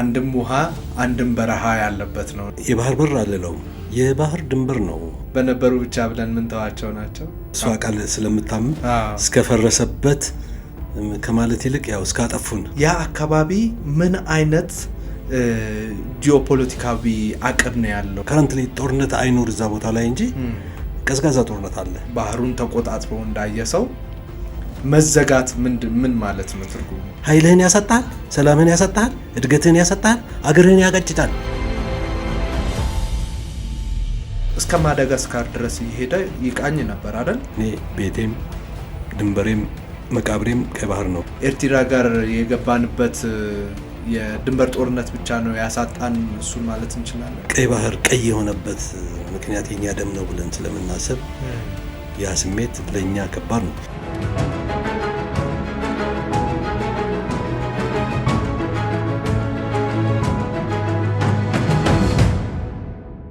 አንድም ውሃ አንድም በረሃ ያለበት ነው። የባህር በር አልለው የባህር ድንበር ነው። በነበሩ ብቻ ብለን ምንተዋቸው ናቸው። እሷ ቃል ስለምታምን እስከፈረሰበት ከማለት ይልቅ ያው እስካጠፉን ያ አካባቢ ምን አይነት ጂኦፖለቲካዊ አቅም ነው ያለው? ላይ ጦርነት አይኖር እዛ ቦታ ላይ እንጂ ቀዝቃዛ ጦርነት አለ። ባህሩን ተቆጣጥሮ እንዳየ ሰው መዘጋት ምን ማለት ነው? ትርጉሙ ኃይልህን ያሰጣል፣ ሰላምህን ያሰጣል፣ እድገትህን ያሰጣል፣ አገርህን ያቀጭጣል። እስከ ማዳጋስካር ድረስ እየሄደ ይቃኝ ነበር አይደል? እኔ ቤቴም ድንበሬም መቃብሬም ቀይ ባህር ነው። ኤርትራ ጋር የገባንበት የድንበር ጦርነት ብቻ ነው ያሳጣን፣ እሱን ማለት እንችላለን። ቀይ ባህር ቀይ የሆነበት ምክንያት የኛ ደም ነው ብለን ስለምናስብ ያ ስሜት ለእኛ ከባድ ነው።